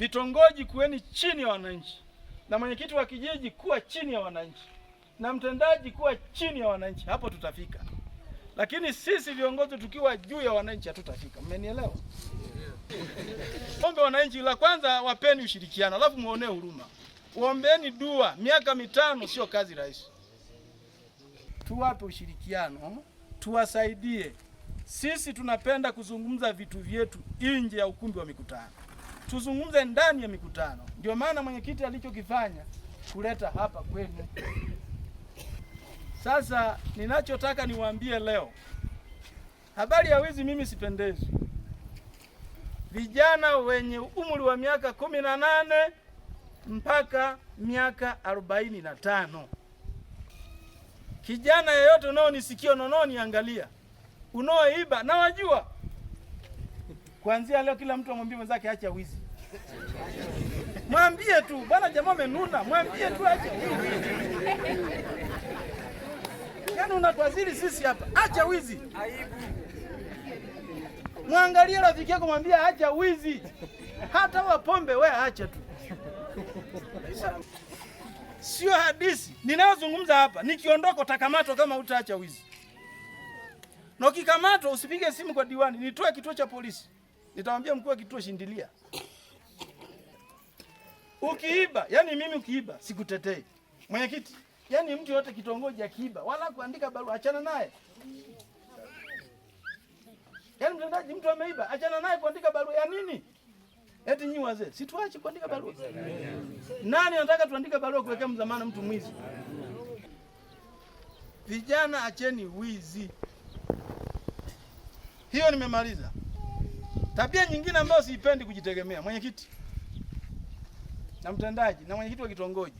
vitongoji kuweni chini ya wananchi, na mwenyekiti wa kijiji kuwa chini ya wananchi, na mtendaji kuwa chini ya wananchi. Hapo tutafika, lakini sisi viongozi tukiwa juu ya wananchi hatutafika. Mmenielewa? Ombe wananchi, la kwanza wapeni ushirikiano, alafu mwonee huruma, uombeni dua. Miaka mitano sio kazi rahisi. Tuwape ushirikiano, tuwasaidie. Sisi tunapenda kuzungumza vitu vyetu nje ya ukumbi wa mikutano tuzungumze ndani ya mikutano. Ndio maana mwenyekiti alichokifanya kuleta hapa kwenu. Sasa ninachotaka niwaambie leo, habari ya wizi mimi sipendezwi. Vijana wenye umri wa miaka kumi na nane mpaka miaka arobaini na tano. Kijana yeyote unaonisikia, unaoniangalia, unaoiba, nawajua Kuanzia leo kila mtu amwambie mwenzake acha wizi. Mwambie tu bwana, jamaa amenuna, mwambie tu acha wizi. Yaani unatuazili sisi hapa, acha wizi. Aibu. Mwangalie rafiki yako mwambie acha wizi. Hata wa pombe we acha tu. Sio hadisi ninayozungumza hapa, nikiondoka utakamatwa kama utaacha wizi. Na ukikamatwa usipige simu kwa diwani, nitoe kituo cha polisi nitamwambia mkuu wa kituo shindilia. Ukiiba yani mimi ukiiba sikutetei mwenyekiti, yani mtu yote kitongoji akiiba wala kuandika barua, achana naye. Yani mtendaji, mtu ameiba, achana naye kuandika barua ya nini? Eti nyinyi wazee situache kuandika barua? Nani anataka tuandike barua kuwekea mzamana mtu mwizi? Vijana, acheni wizi. Hiyo nimemaliza. Tabia nyingine ambayo siipendi kujitegemea, mwenyekiti na mtendaji na mwenyekiti wa kitongoji,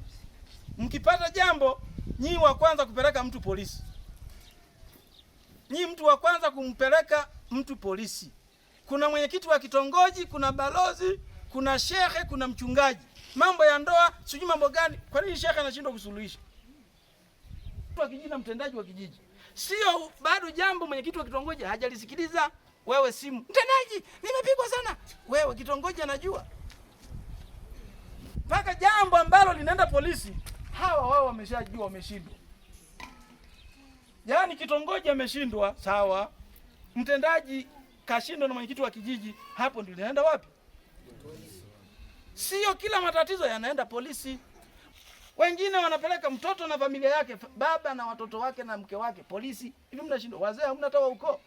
mkipata jambo nyi wa kwanza kupeleka mtu polisi, nyi mtu wa kwanza kumpeleka mtu polisi. Kuna mwenyekiti wa kitongoji, kuna balozi, kuna shehe, kuna mchungaji, mambo ya ndoa, sijui mambo gani. Kwa nini shehe anashindwa kusuluhisha mtu wa kijiji na mtendaji wa kijiji? Sio bado jambo mwenyekiti wa kitongoji hajalisikiliza wewe simu mtendaji, nimepigwa sana. Wewe kitongoji anajua mpaka jambo ambalo linaenda polisi, hawa wao wameshajua, wameshindwa. Yaani kitongoji ameshindwa, sawa, mtendaji kashindwa na mwenyekiti wa kijiji, hapo ndio linaenda wapi? Sio kila matatizo yanaenda polisi. Wengine wanapeleka mtoto na familia yake, baba na watoto wake na mke wake polisi. Hivi mnashindwa? Wazee hamna hata ukoo